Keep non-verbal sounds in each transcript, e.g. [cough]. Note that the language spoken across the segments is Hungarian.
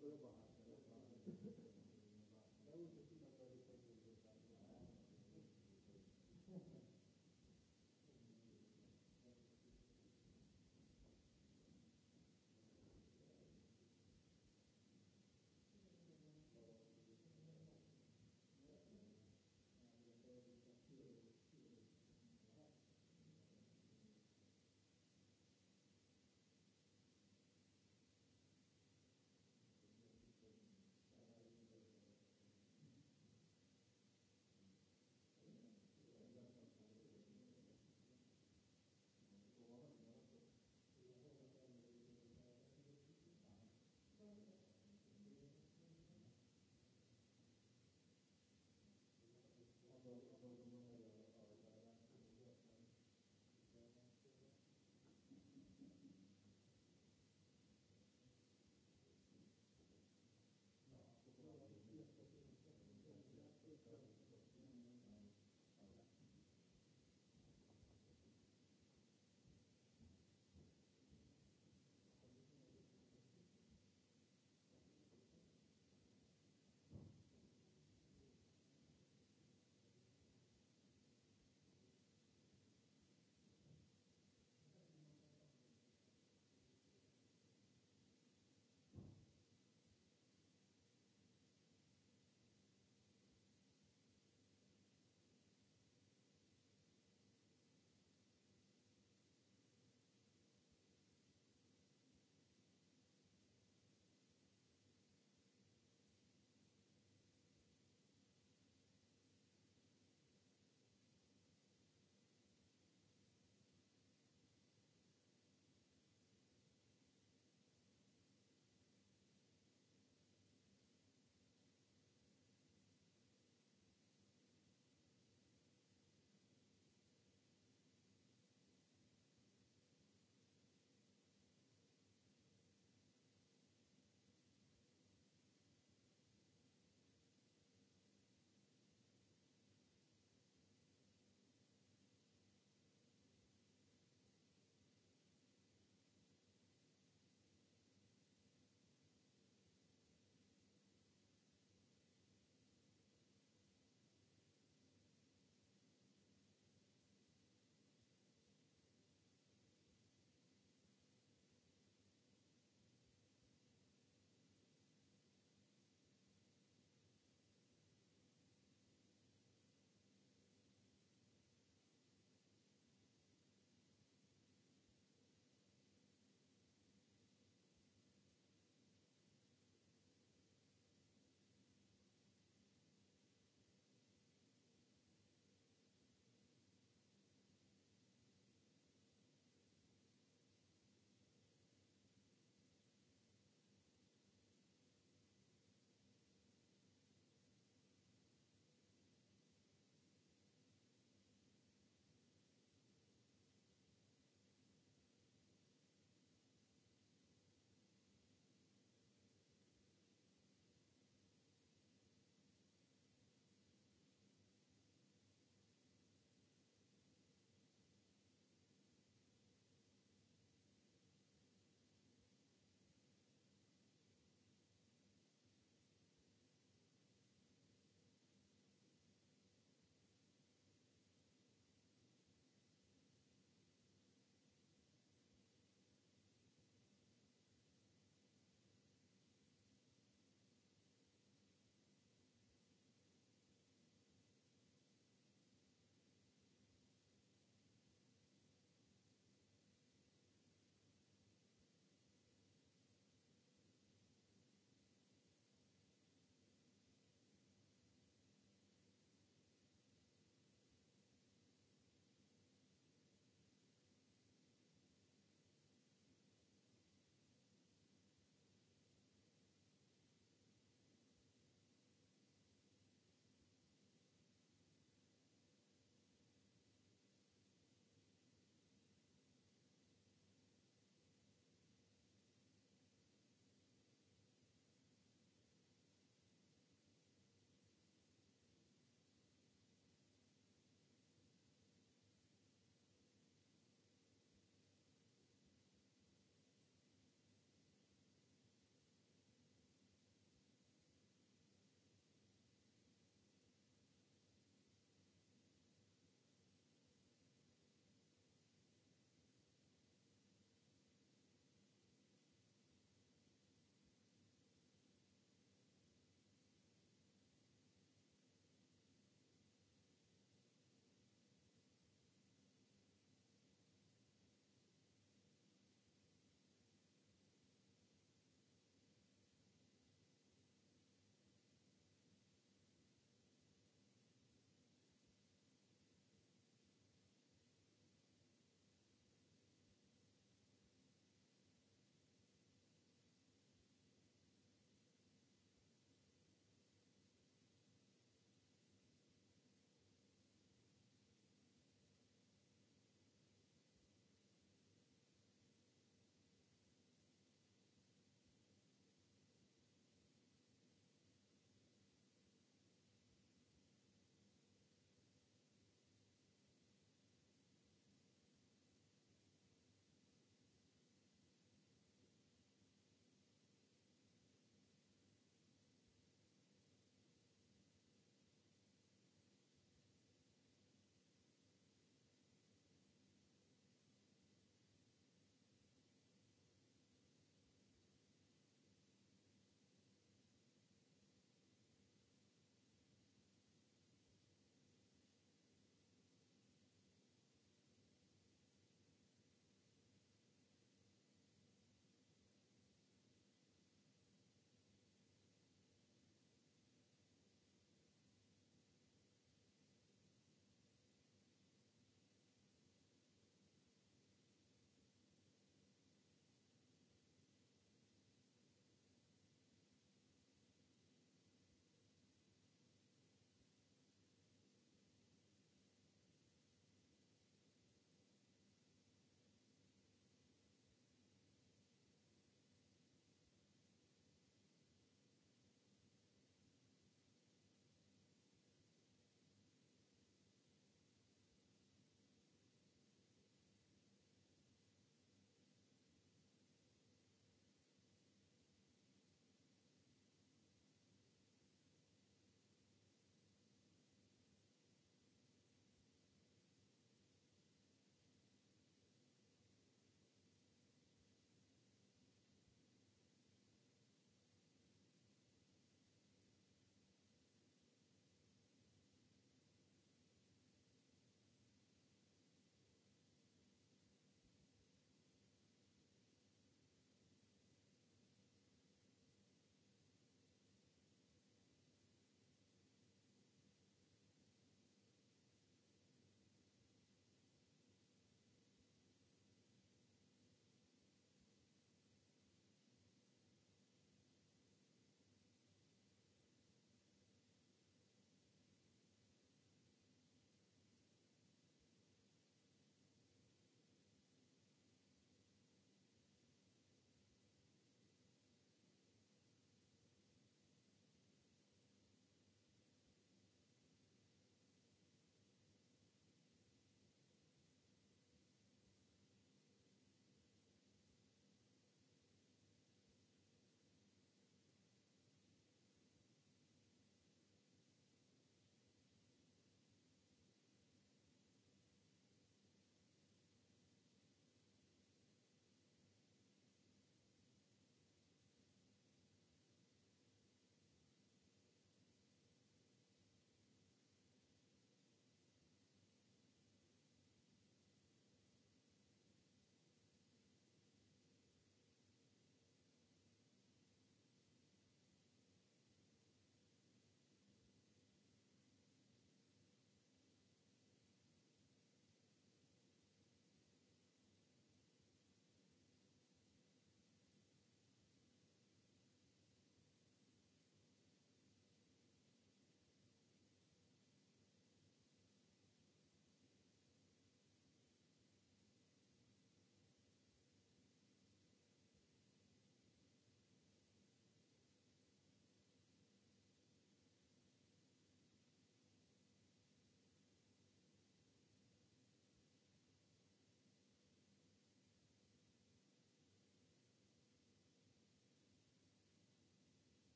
Thank you.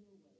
no way.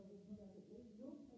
tagoknak, az úgy jobb,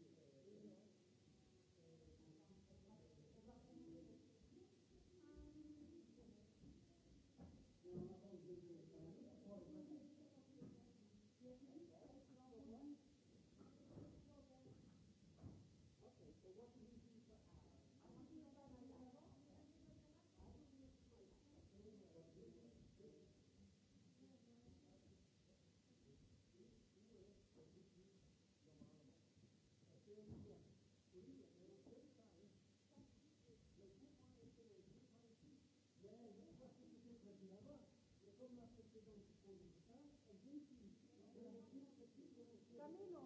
Camilo.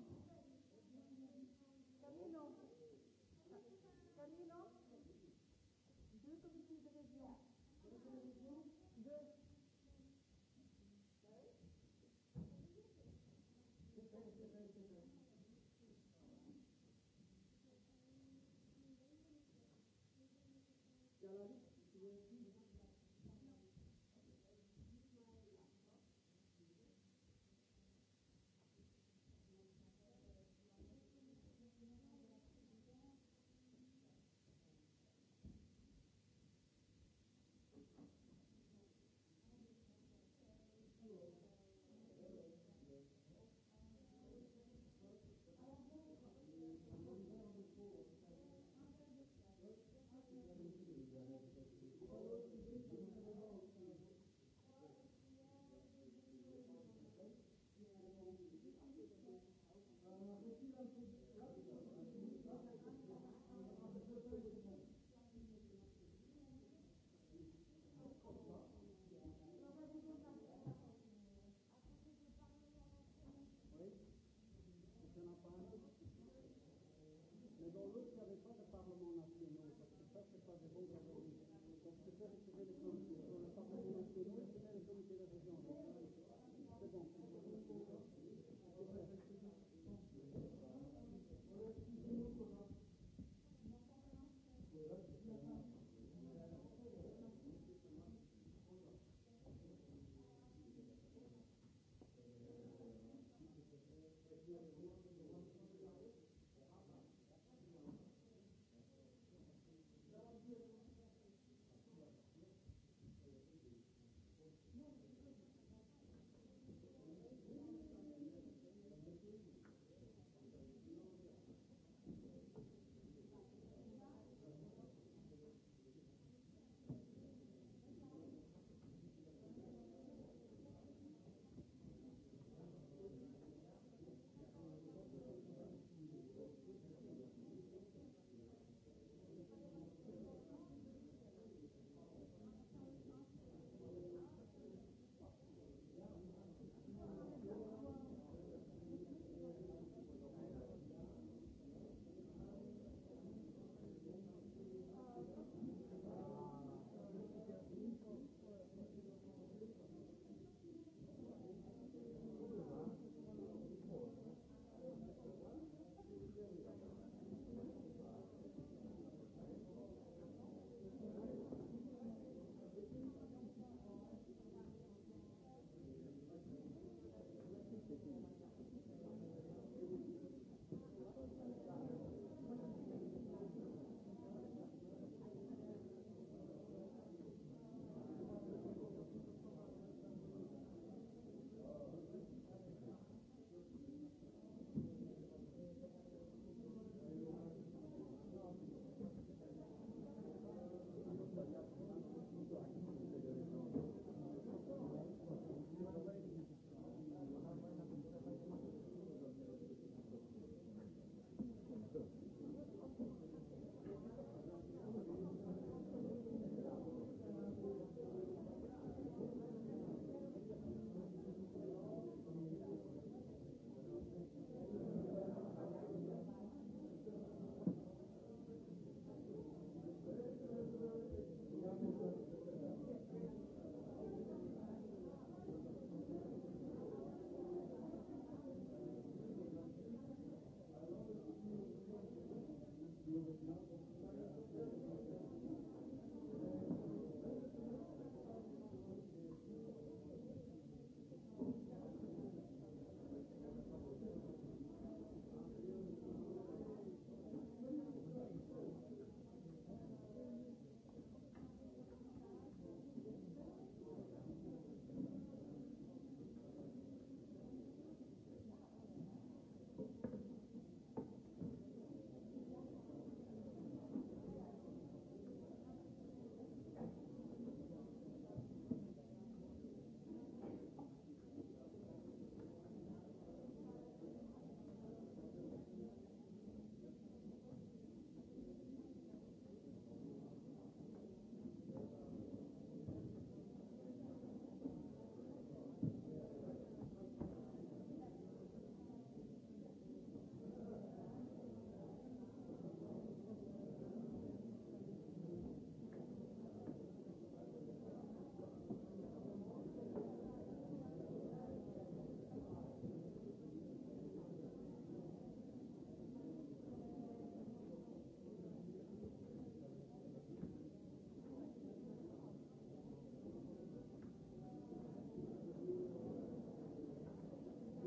Parlement nationaux, parce que ça, c'est pas des bons Donc, c'est faire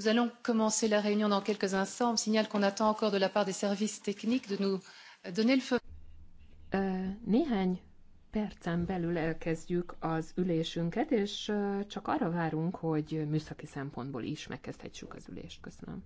Nous allons commencer la réunion dans quelques instants. On me signale qu'on attend encore de la part des services techniques de nous euh, donner le feu. Néhány percen belül elkezdjük az ülésünket, és csak arra várunk, hogy műszaki szempontból is megkezdhetjük az ülést. Köszönöm.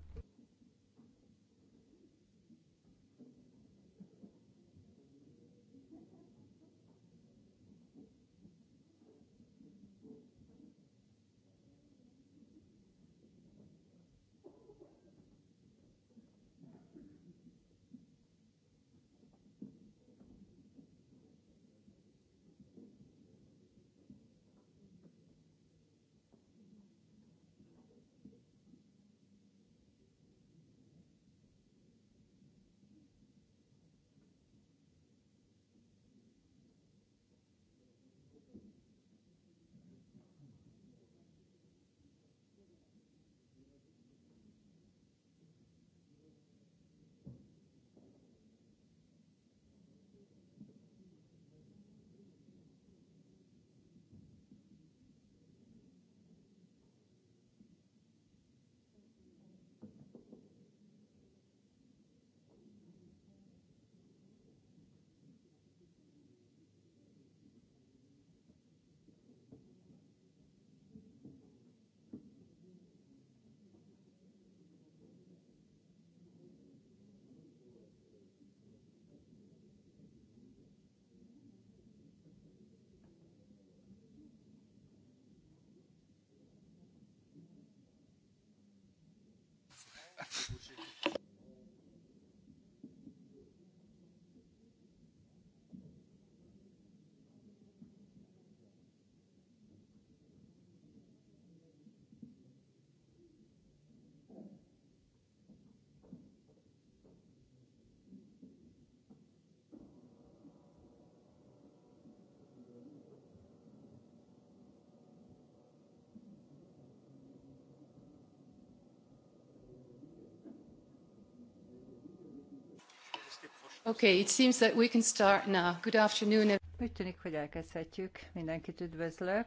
Okay, it seems that we can start now. Good afternoon. Úgy tűnik, hogy elkezdhetjük. Mindenkit üdvözlök.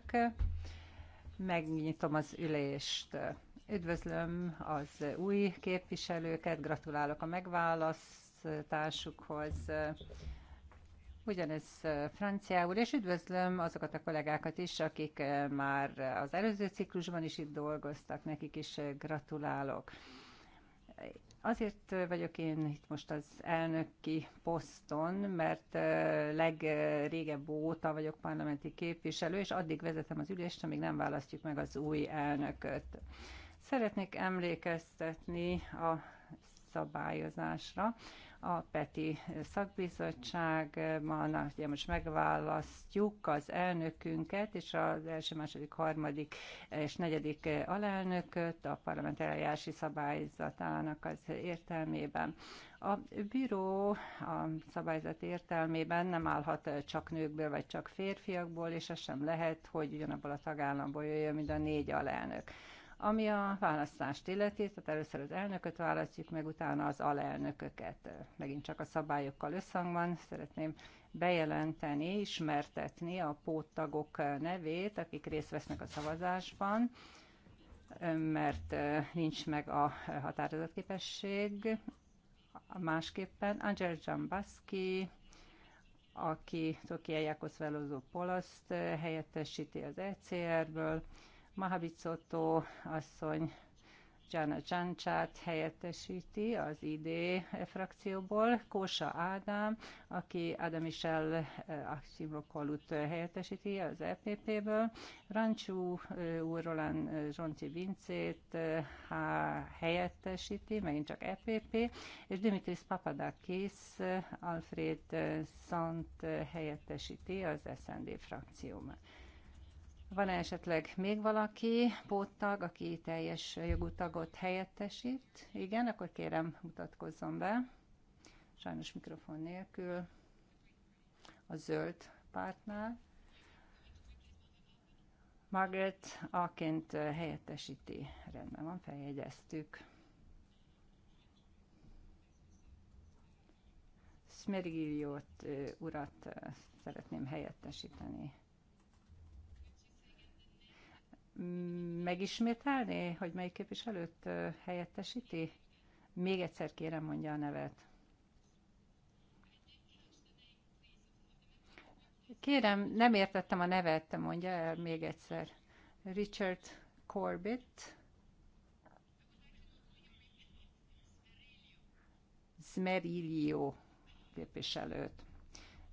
Megnyitom az ülést. Üdvözlöm az új képviselőket, gratulálok a megválasztásukhoz. Ugyanez eh, franciául, és üdvözlöm azokat a kollégákat is, akik eh, már az előző ciklusban is itt dolgoztak, nekik is eh, gratulálok Azért vagyok én itt most az elnöki poszton, mert legrégebb óta vagyok parlamenti képviselő, és addig vezetem az ülést, amíg nem választjuk meg az új elnököt. Szeretnék emlékeztetni a szabályozásra a PETI szakbizottságban, ugye most megválasztjuk az elnökünket, és az első, második, harmadik és negyedik alelnököt a parlament eljárási szabályzatának az értelmében. A bíró a szabályzat értelmében nem állhat csak nőkből vagy csak férfiakból, és ez sem lehet, hogy ugyanabból a tagállamból jöjjön, mint a négy alelnök. Ami a választást illeti, tehát először az elnököt választjuk, meg utána az alelnököket. Megint csak a szabályokkal összhangban szeretném bejelenteni, ismertetni a póttagok nevét, akik részt vesznek a szavazásban mert nincs meg a határozatképesség. Másképpen Angel Jambaski, aki Tokia Velozó Polaszt helyettesíti az ECR-ből, Mahabicotó asszony Jana Jancsát helyettesíti az ID frakcióból, Kósa Ádám, aki Ádám Michel eh, Aksimrokolut helyettesíti az EPP-ből, Rancsú eh, úr Roland eh, Zsonci Vincét helyettesíti, megint csak EPP, és Dimitris Papadakis Alfred Sant helyettesíti az SND frakcióban. Van-e esetleg még valaki, póttag, aki teljes jogú tagot helyettesít? Igen, akkor kérem, mutatkozzon be. Sajnos mikrofon nélkül. A zöld pártnál. Margaret Aként eh, helyettesíti. Rendben van, feljegyeztük. Smergiliót eh, urat eh, szeretném helyettesíteni megismételni, hogy melyik képviselőt helyettesíti? Még egyszer kérem mondja a nevet. Kérem, nem értettem a nevet, mondja el még egyszer. Richard Corbett. Smerilio képviselőt.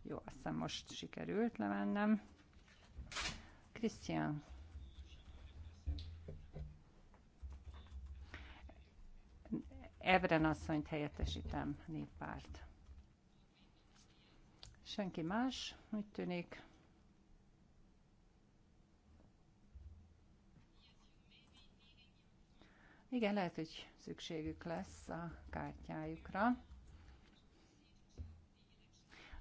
Jó, aztán most sikerült levennem. Krisztián. Evren asszonyt helyettesítem néppárt. Senki más, úgy tűnik. Igen, lehet, hogy szükségük lesz a kártyájukra.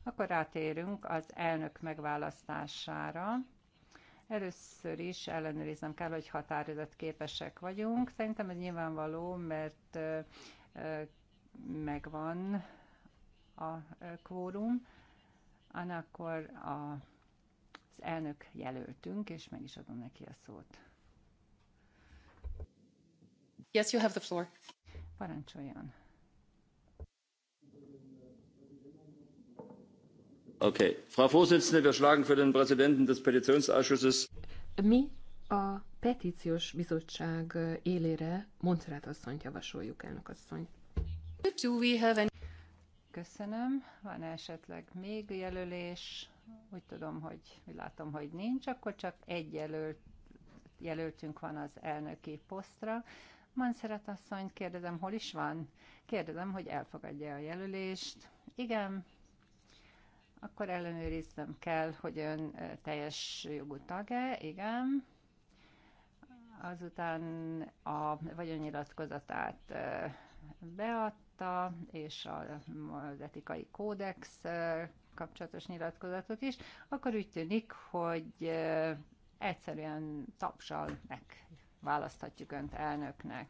Akkor rátérünk az elnök megválasztására. Először is ellenőriznem kell, hogy határozott képesek vagyunk. Szerintem ez nyilvánvaló, mert megvan a kvórum. Anakor az elnök jelöltünk, és meg is adom neki a szót. Yes, you have the floor. Parancsoljon. Okay. Frau Vorsitzende, wir schlagen für den Präsidenten des Petitionsausschusses. Mi a petíciós bizottság eh, élére Montserrat asszonyt javasoljuk, elnök asszony. Do we have any... Köszönöm. Van esetleg még jelölés? Úgy tudom, hogy úgy látom, hogy nincs, akkor csak egy jelölt, jelöltünk van az elnöki posztra. Manszeret asszonyt kérdezem, hol is van? Kérdezem, hogy elfogadja a jelölést. Igen, akkor ellenőriznem kell, hogy ön teljes jogú tag-e, igen. Azután a vagyonnyilatkozatát beadta, és az etikai kódex kapcsolatos nyilatkozatot is, akkor úgy tűnik, hogy egyszerűen tapsal megválaszthatjuk önt elnöknek.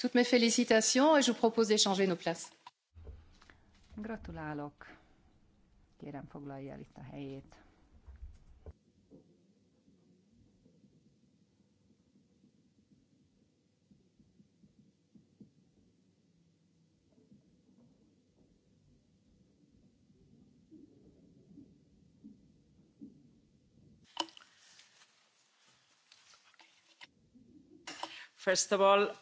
Toutes mes félicitations et je vous propose d'échanger nos places. Gratulálok. Kérem, foglalj el itt a helyét. First of all,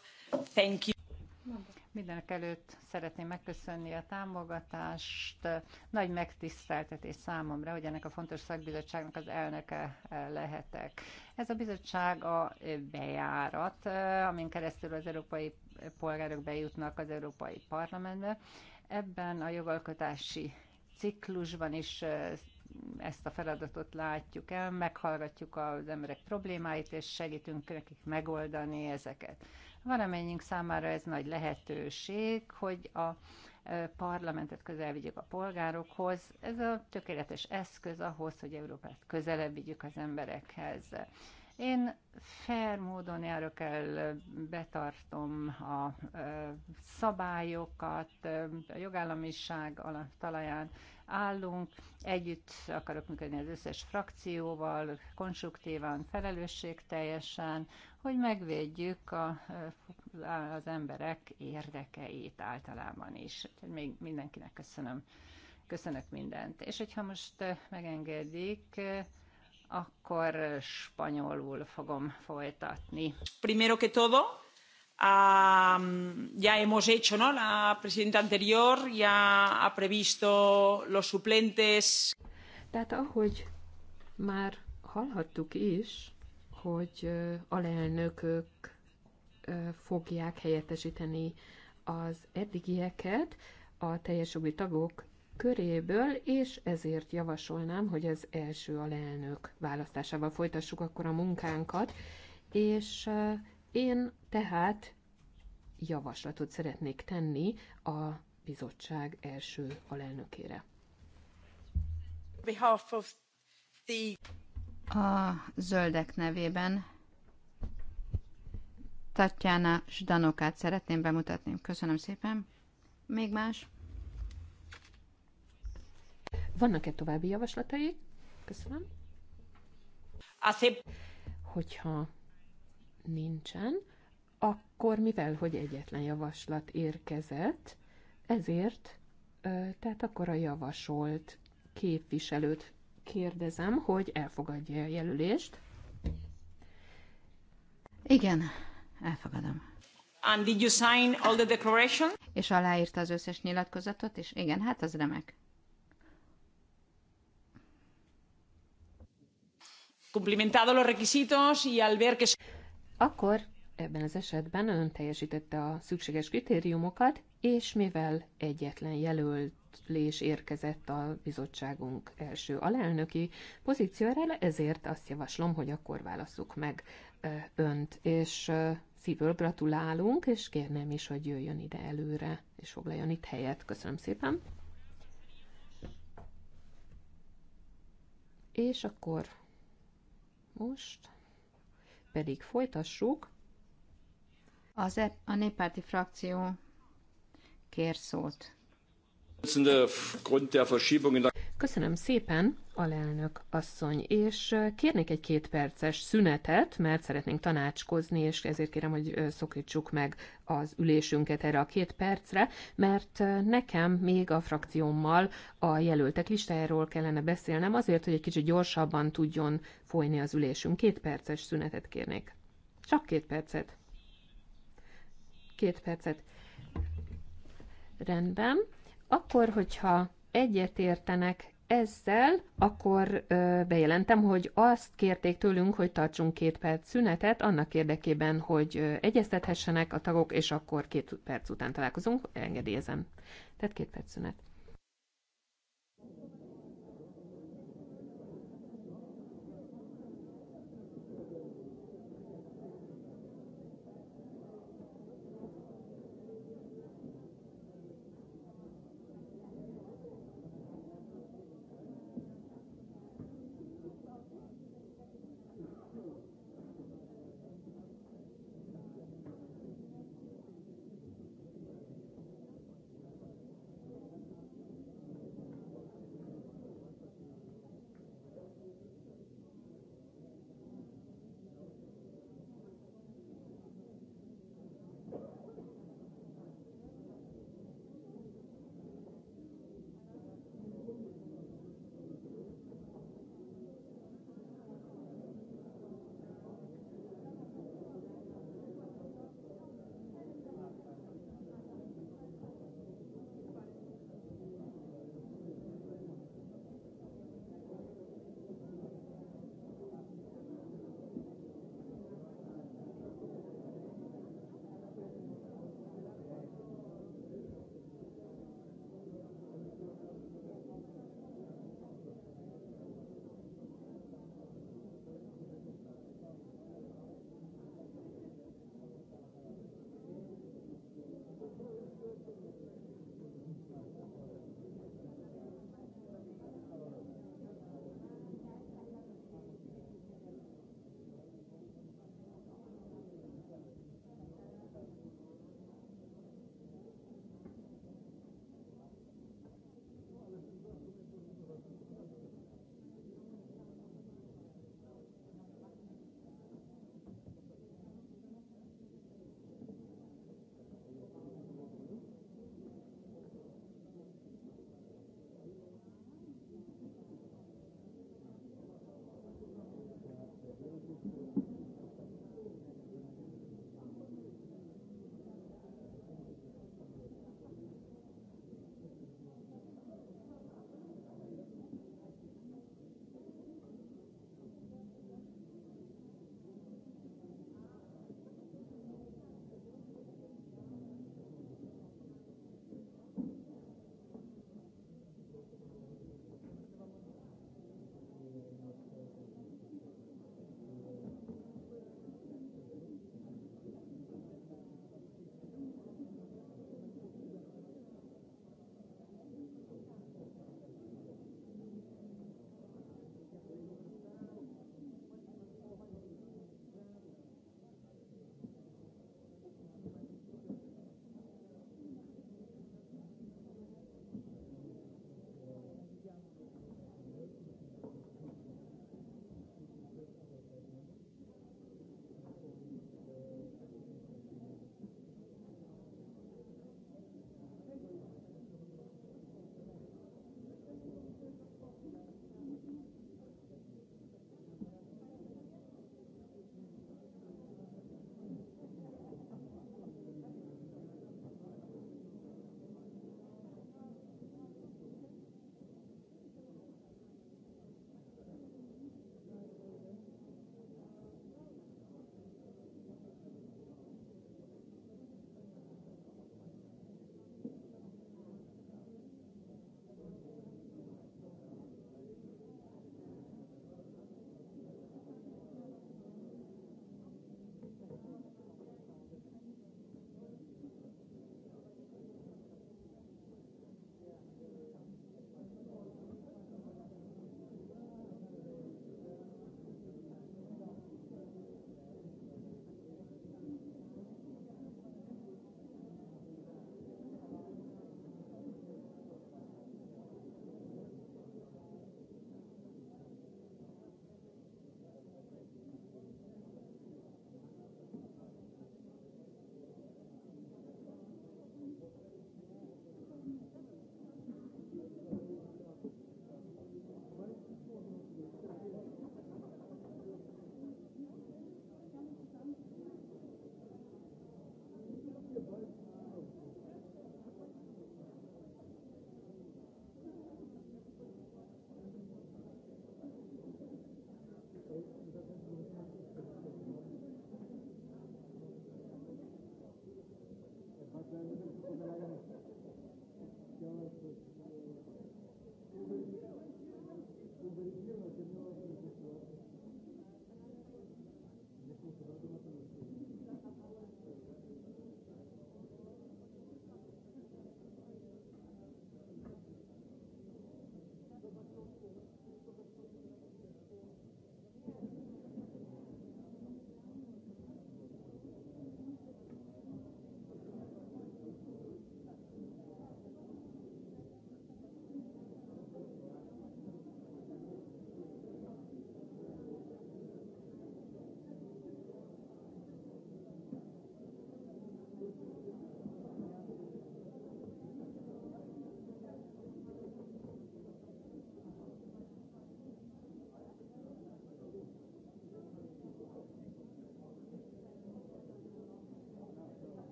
Mindenekelőtt előtt szeretném megköszönni a támogatást. Nagy megtiszteltetés számomra, hogy ennek a fontos szakbizottságnak az elnöke lehetek. Ez a bizottság a bejárat, amin keresztül az európai polgárok bejutnak az Európai Parlamentbe. Ebben a jogalkotási ciklusban is ezt a feladatot látjuk el, meghallgatjuk az emberek problémáit, és segítünk nekik megoldani ezeket. Van Valamennyünk számára ez nagy lehetőség, hogy a e, parlamentet közel vigyük a polgárokhoz. Ez a tökéletes eszköz ahhoz, hogy Európát közelebb vigyük az emberekhez. Én fair módon járok el, betartom a szabályokat, a jogállamiság talaján állunk, együtt akarok működni az összes frakcióval, konstruktívan, teljesen, hogy megvédjük a, az emberek érdekeit általában is. Még mindenkinek köszönöm. Köszönök mindent. És hogyha most megengedik, akkor spanyolul fogom folytatni. Primero que todo, um, ya hemos hecho, ¿no? La presidenta anterior ya ha previsto los suplentes. Tehát ahogy már hallhattuk is, hogy uh, alelnökök uh, fogják helyettesíteni az eddigieket, a teljes jogi tagok köréből, és ezért javasolnám, hogy az első alelnök választásával folytassuk akkor a munkánkat, és eh, én tehát javaslatot szeretnék tenni a bizottság első alelnökére. A zöldek nevében Tatjana Zsdanokát szeretném bemutatni. Köszönöm szépen. Még más? Vannak-e további javaslatai? Köszönöm. Szép. Hogyha nincsen, akkor mivel, hogy egyetlen javaslat érkezett, ezért, tehát akkor a javasolt képviselőt kérdezem, hogy elfogadja a jelölést. Igen, elfogadom. And did you sign all the declaration? És aláírta az összes nyilatkozatot, és igen, hát az remek. cumplimentado los requisitos y al ver que... Akkor ebben az esetben ön teljesítette a szükséges kritériumokat, és mivel egyetlen jelölés érkezett a bizottságunk első alelnöki pozíciójára, ezért azt javaslom, hogy akkor válasszuk meg önt, és szívből gratulálunk, és kérném is, hogy jöjjön ide előre, és foglaljon itt helyet. Köszönöm szépen! És akkor most pedig folytassuk. Az e- a néppárti frakció kér szót. Äh, Köszönöm szépen, alelnök asszony, és kérnék egy két perces szünetet, mert szeretnénk tanácskozni, és ezért kérem, hogy szokítsuk meg az ülésünket erre a két percre, mert nekem még a frakciómmal a jelöltek listájáról kellene beszélnem, azért, hogy egy kicsit gyorsabban tudjon folyni az ülésünk. Két perces szünetet kérnék. Csak két percet. Két percet. Rendben. Akkor, hogyha egyetértenek ezzel, akkor bejelentem, hogy azt kérték tőlünk, hogy tartsunk két perc szünetet, annak érdekében, hogy egyeztethessenek a tagok, és akkor két perc után találkozunk, engedélyezem. Tehát két perc szünet.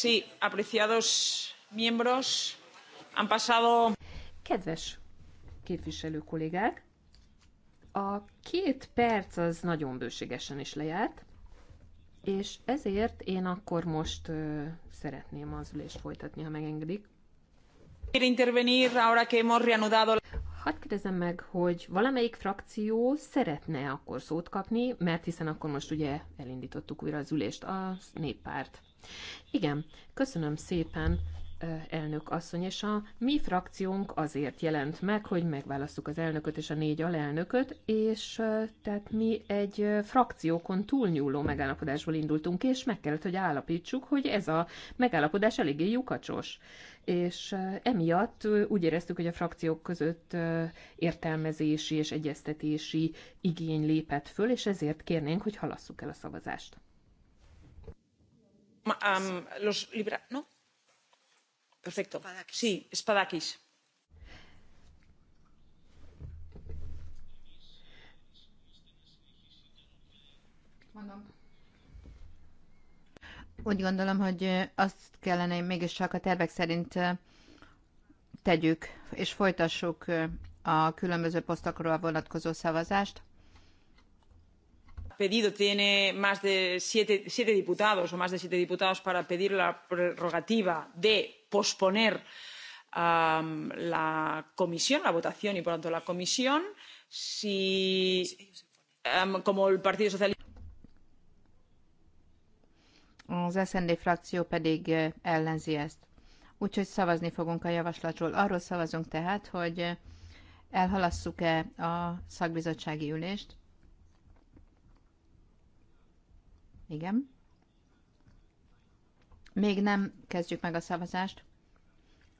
Sí, apreciados miembros, han pasado... Kedves képviselő kollégák, a két perc az nagyon bőségesen is lejárt, és ezért én akkor most uh, szeretném az ülést folytatni, ha megengedik. Hadd kérdezem meg, hogy valamelyik frakció szeretne akkor szót kapni, mert hiszen akkor most ugye elindítottuk újra az ülést, a néppárt igen, köszönöm szépen elnök asszony, és a mi frakciónk azért jelent meg, hogy megválasztjuk az elnököt és a négy alelnököt, és tehát mi egy frakciókon túlnyúló megállapodásból indultunk, és meg kellett, hogy állapítsuk, hogy ez a megállapodás eléggé lyukacsos. És emiatt úgy éreztük, hogy a frakciók között értelmezési és egyeztetési igény lépett föl, és ezért kérnénk, hogy halasszuk el a szavazást. Úgy gondolom, hogy azt kellene mégiscsak a tervek szerint tegyük, és folytassuk a különböző posztokról vonatkozó szavazást pedido tiene más de siete, siete diputados o más de siete diputados para pedir la prerrogativa de posponer um, la comisión, la votación y por tanto la comisión, si um, como el Partido Socialista. Az SND frakció pedig eh, ellenzi ezt. Úgyhogy szavazni fogunk a javaslatról. Arról szavazunk tehát, hogy eh, elhalasszuk-e a szakbizottsági ülést, Igen. Még nem kezdjük meg a szavazást.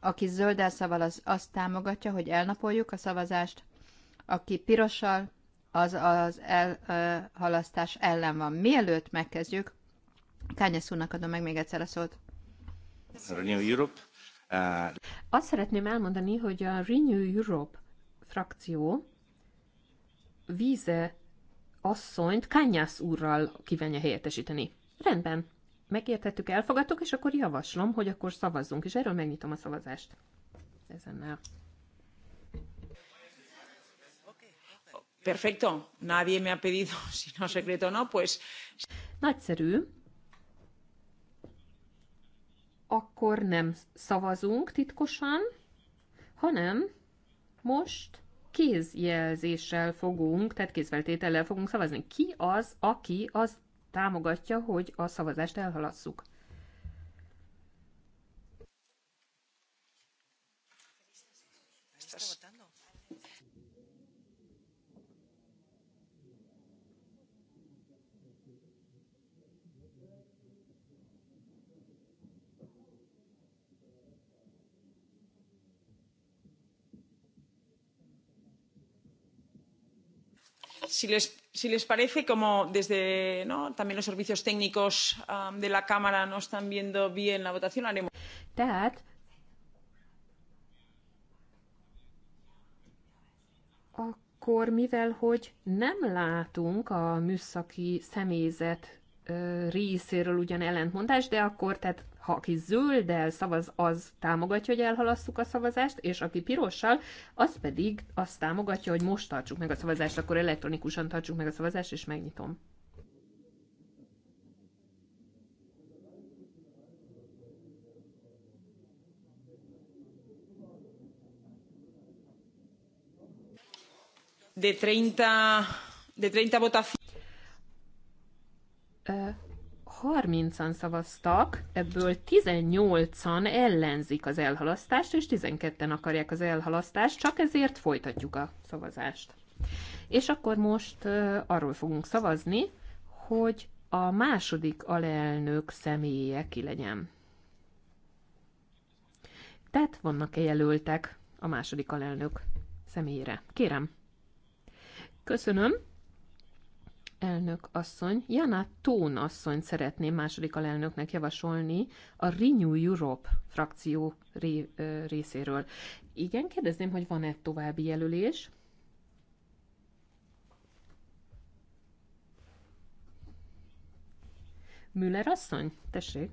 Aki zölddel szaval, az azt támogatja, hogy elnapoljuk a szavazást. Aki pirossal, az az elhalasztás ellen van. Mielőtt megkezdjük, Kányesz adom meg még egyszer a szót. Renew Europe. Uh... Azt szeretném elmondani, hogy a Renew Europe frakció víze asszonyt Kányász úrral kívánja helyettesíteni. Rendben. Megértettük, elfogadtuk, és akkor javaslom, hogy akkor szavazzunk, és erről megnyitom a szavazást. Ezennel. Perfecto. Nadie me ha pedido, [laughs] si no secreto no, pues... Nagyszerű. Akkor nem szavazunk titkosan, hanem most kézjelzéssel fogunk, tehát kézfeltétellel fogunk szavazni. Ki az, aki az támogatja, hogy a szavazást elhalasszuk? Biztos. si les, parece, como desde ¿no? también los servicios técnicos um, de la Cámara no están viendo bien la votación, haremos. Tehát akkor, mivel hogy nem látunk a műszaki személyzet részéről ugyan ellentmondás, de akkor, tehát ha aki zölddel szavaz, az támogatja, hogy elhalasszuk a szavazást, és aki pirossal, az pedig azt támogatja, hogy most tartsuk meg a szavazást, akkor elektronikusan tartsuk meg a szavazást, és megnyitom. De 30, de 30 votaciones. 30-an szavaztak, ebből 18-an ellenzik az elhalasztást, és 12-en akarják az elhalasztást, csak ezért folytatjuk a szavazást. És akkor most arról fogunk szavazni, hogy a második alelnök személye ki legyen. Tehát vannak-e jelöltek a második alelnök személyére? Kérem. Köszönöm elnök asszony, Jana Tón asszony szeretném második alelnöknek javasolni a Renew Europe frakció ré, ö, részéről. Igen, kérdezném, hogy van-e további jelölés? Müller asszony, tessék.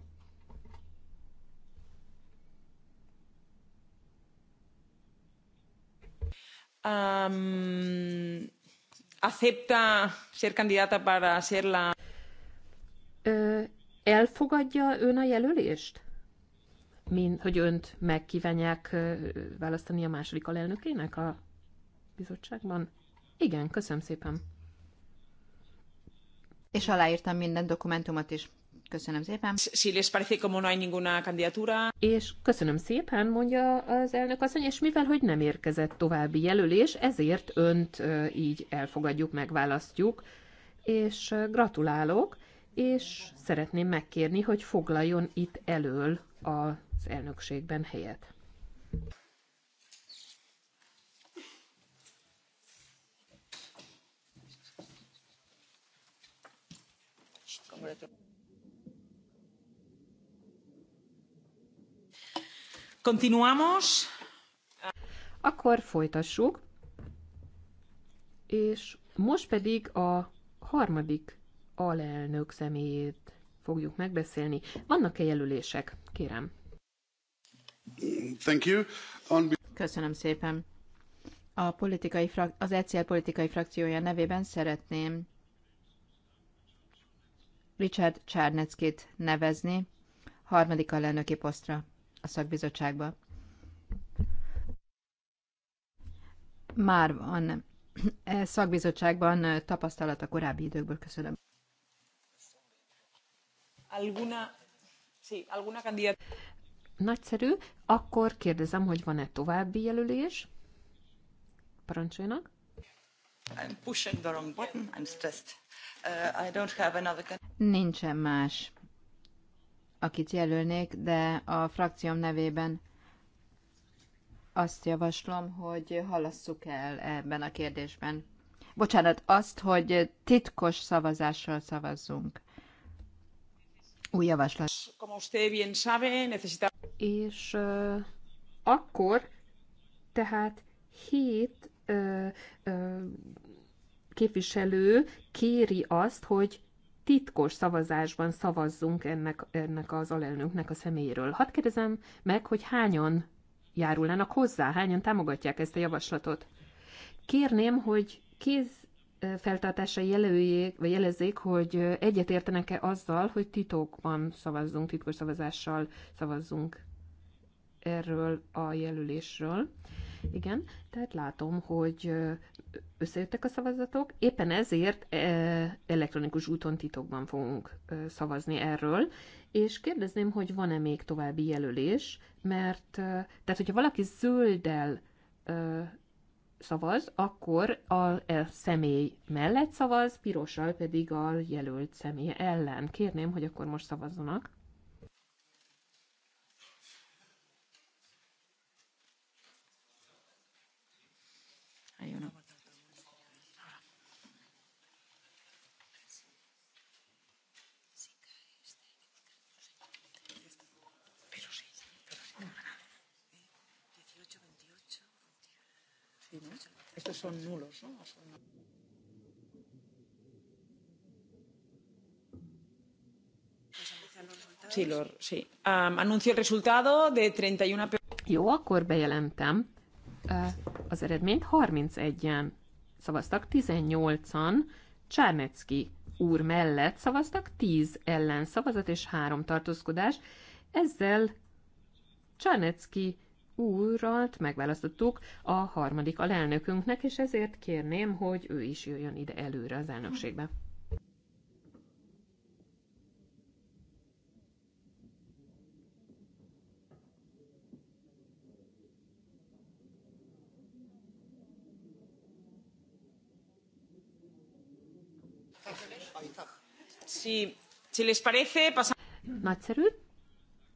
Um, acepta ser candidata para ser la... Ö, elfogadja ön a jelölést? Mint hogy önt megkívánják választani a második alelnökének a bizottságban? Igen, köszönöm szépen. És aláírtam minden dokumentumot is. Köszönöm szépen. Si les parece como no hay ninguna candidatura. És köszönöm szépen, mondja az elnök asszony, és mivel hogy nem érkezett további jelölés, ezért önt így elfogadjuk, megválasztjuk, és gratulálok, és szeretném megkérni, hogy foglaljon itt elől az elnökségben helyet. Congratulations. Continuamos. Akkor folytassuk. És most pedig a harmadik alelnök személyét fogjuk megbeszélni. Vannak-e jelölések? Kérem. Thank you. On... Köszönöm szépen. A politikai frak- az ECL politikai frakciója nevében szeretném Richard Csárneckit nevezni harmadik alelnöki posztra a szakbizottságba. Már van e szakbizottságban e, tapasztalat a korábbi időkből. Köszönöm. Alguna, sí, alguna candidat... Nagyszerű. Akkor kérdezem, hogy van-e további jelölés? Parancsoljanak. I'm pushing the wrong button. I'm stressed. Uh, I don't have another... Nincsen más akit jelölnék, de a frakcióm nevében azt javaslom, hogy halasszuk el ebben a kérdésben. Bocsánat, azt, hogy titkos szavazással szavazzunk. Új javaslat. És uh, akkor, tehát hét uh, uh, képviselő kéri azt, hogy titkos szavazásban szavazzunk ennek, ennek az alelnöknek a személyéről. Hadd kérdezem meg, hogy hányan járulnának hozzá, hányan támogatják ezt a javaslatot. Kérném, hogy kéz feltartásai jelöljék, vagy jelezzék, hogy egyetértenek-e azzal, hogy titokban szavazzunk, titkos szavazással szavazzunk erről a jelölésről. Igen, tehát látom, hogy összejöttek a szavazatok. Éppen ezért e, elektronikus úton titokban fogunk szavazni erről, és kérdezném, hogy van-e még további jelölés, mert tehát, hogyha valaki zölddel szavaz, akkor a, a e, személy mellett szavaz, pirossal pedig a jelölt személy ellen. Kérném, hogy akkor most szavazzanak. son nulos. ¿no? Son Sí, los, sí. Um, anuncio el resultado de 31... Jó, akkor bejelentem. Az eredményt 31-en szavaztak, 18-an Csárnecki úr mellett szavaztak, 10 ellen szavazat és 3 tartózkodás. Ezzel Csárnecki úrralt megválasztottuk a harmadik alelnökünknek, és ezért kérném, hogy ő is jöjjön ide előre az elnökségbe. Si, si les parece, pasa... Nagyszerű.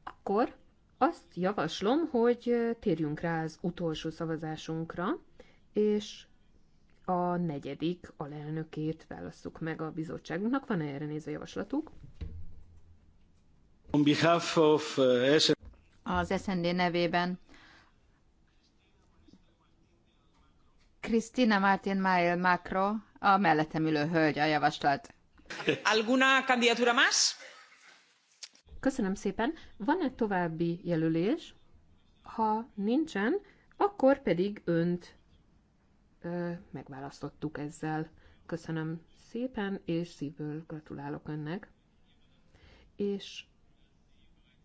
Akkor azt javaslom, hogy térjünk rá az utolsó szavazásunkra, és a negyedik alelnökét válasszuk meg a bizottságunknak. Van-e erre nézve javaslatuk? On behalf of, uh, Az SND nevében Krisztina Martin Mael Macro, a mellettem ülő hölgy a javaslat. Alguna candidatura más? Köszönöm szépen. Van-e további jelölés? Ha nincsen, akkor pedig önt ö, megválasztottuk ezzel. Köszönöm szépen, és szívből gratulálok önnek. És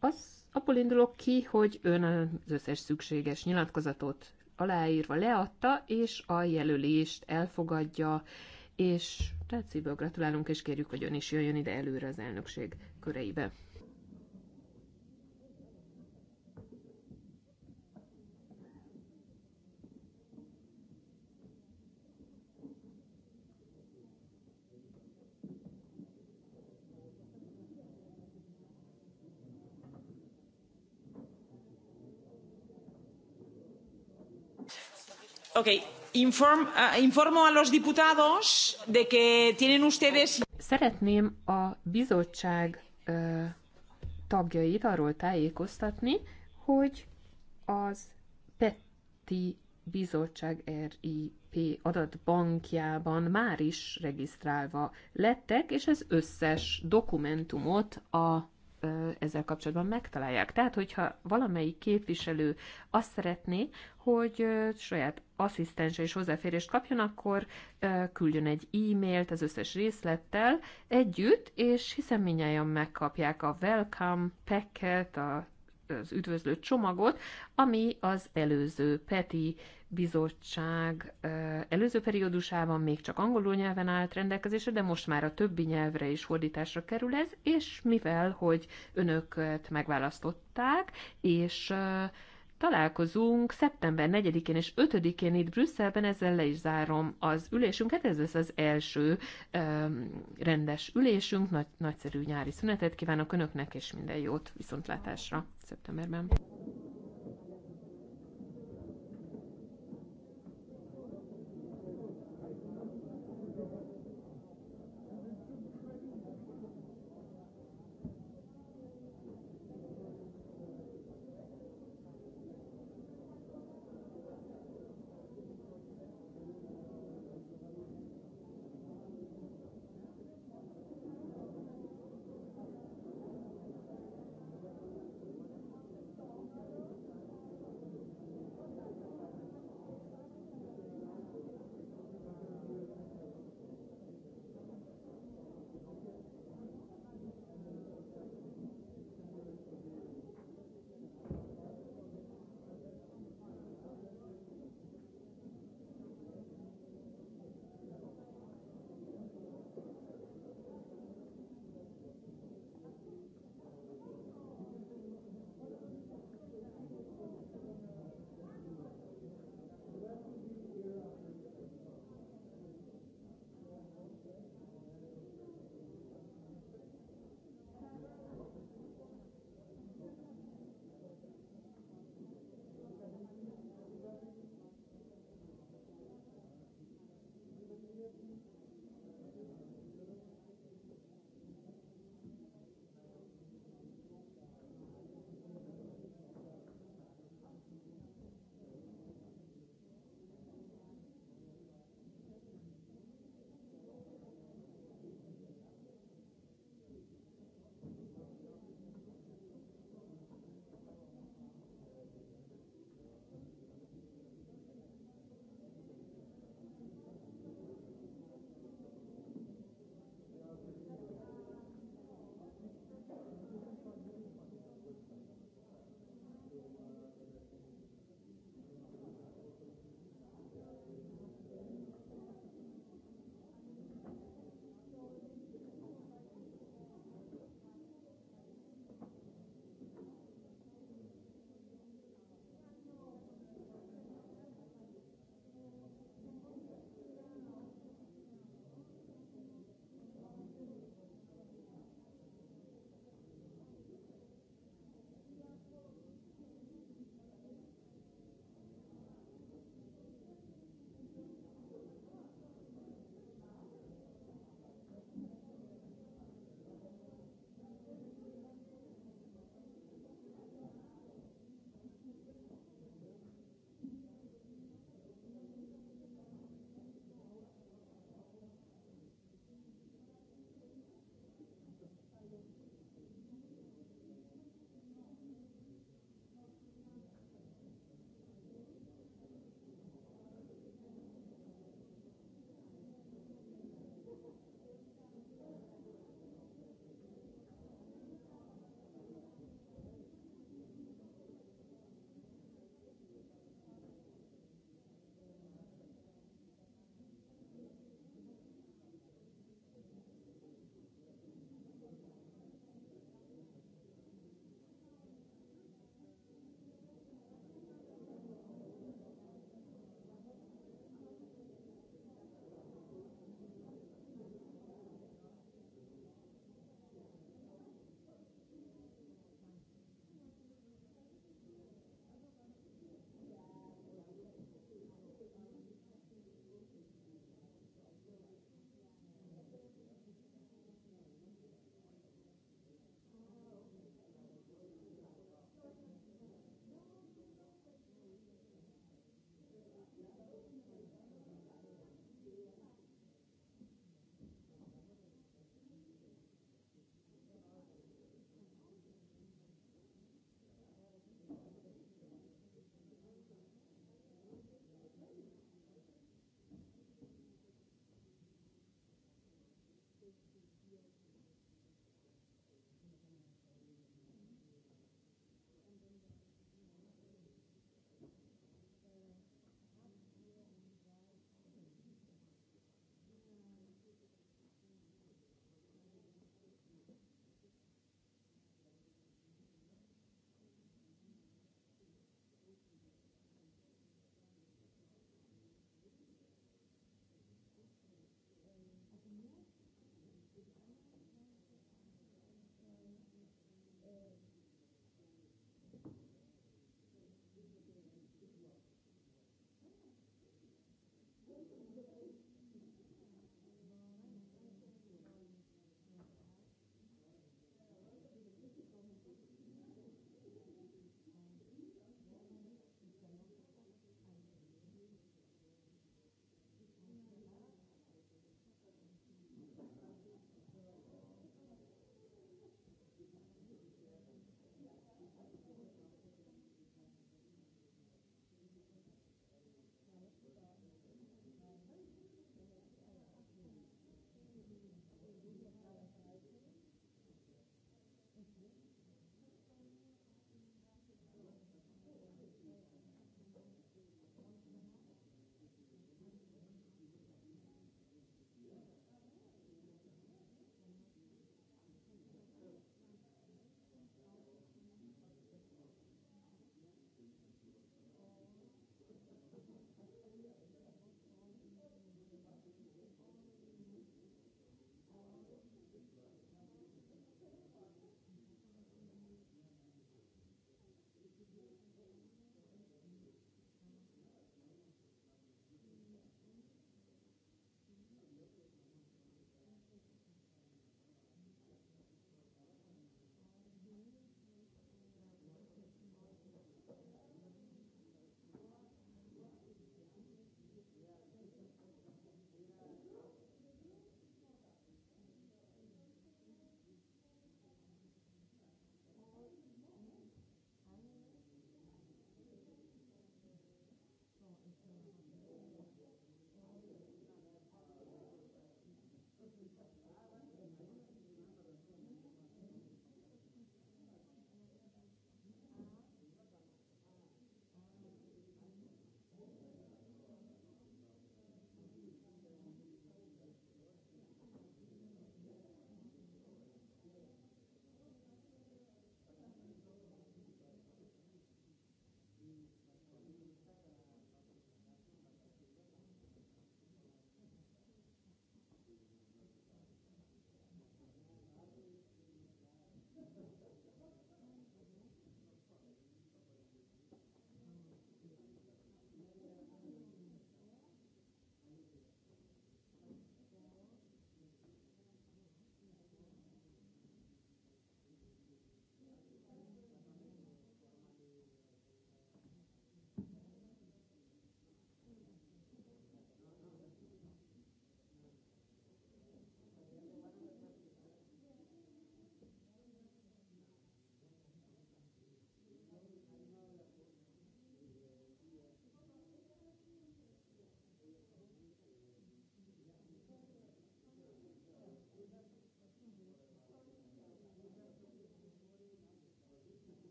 az abból indulok ki, hogy ön az összes szükséges nyilatkozatot aláírva leadta, és a jelölést elfogadja, és tehát szívből gratulálunk, és kérjük, hogy ön is jöjjön ide előre az elnökség köreibe. Szeretném a bizottság uh, tagjait arról tájékoztatni, hogy az PETI bizottság RIP adatbankjában már is regisztrálva lettek, és az összes dokumentumot a ezzel kapcsolatban megtalálják. Tehát, hogyha valamelyik képviselő azt szeretné, hogy saját asszisztense és hozzáférést kapjon, akkor küldjön egy e-mailt az összes részlettel együtt, és hiszen minnyáján megkapják a welcome packet, az üdvözlő csomagot, ami az előző Peti bizottság előző periódusában még csak angolul nyelven állt rendelkezésre, de most már a többi nyelvre is fordításra kerül ez, és mivel, hogy önöket megválasztották, és találkozunk szeptember 4-én és 5-én itt Brüsszelben, ezzel le is zárom az ülésünket, ez lesz az első um, rendes ülésünk, Nagy, nagyszerű nyári szünetet kívánok önöknek, és minden jót viszontlátásra szeptemberben.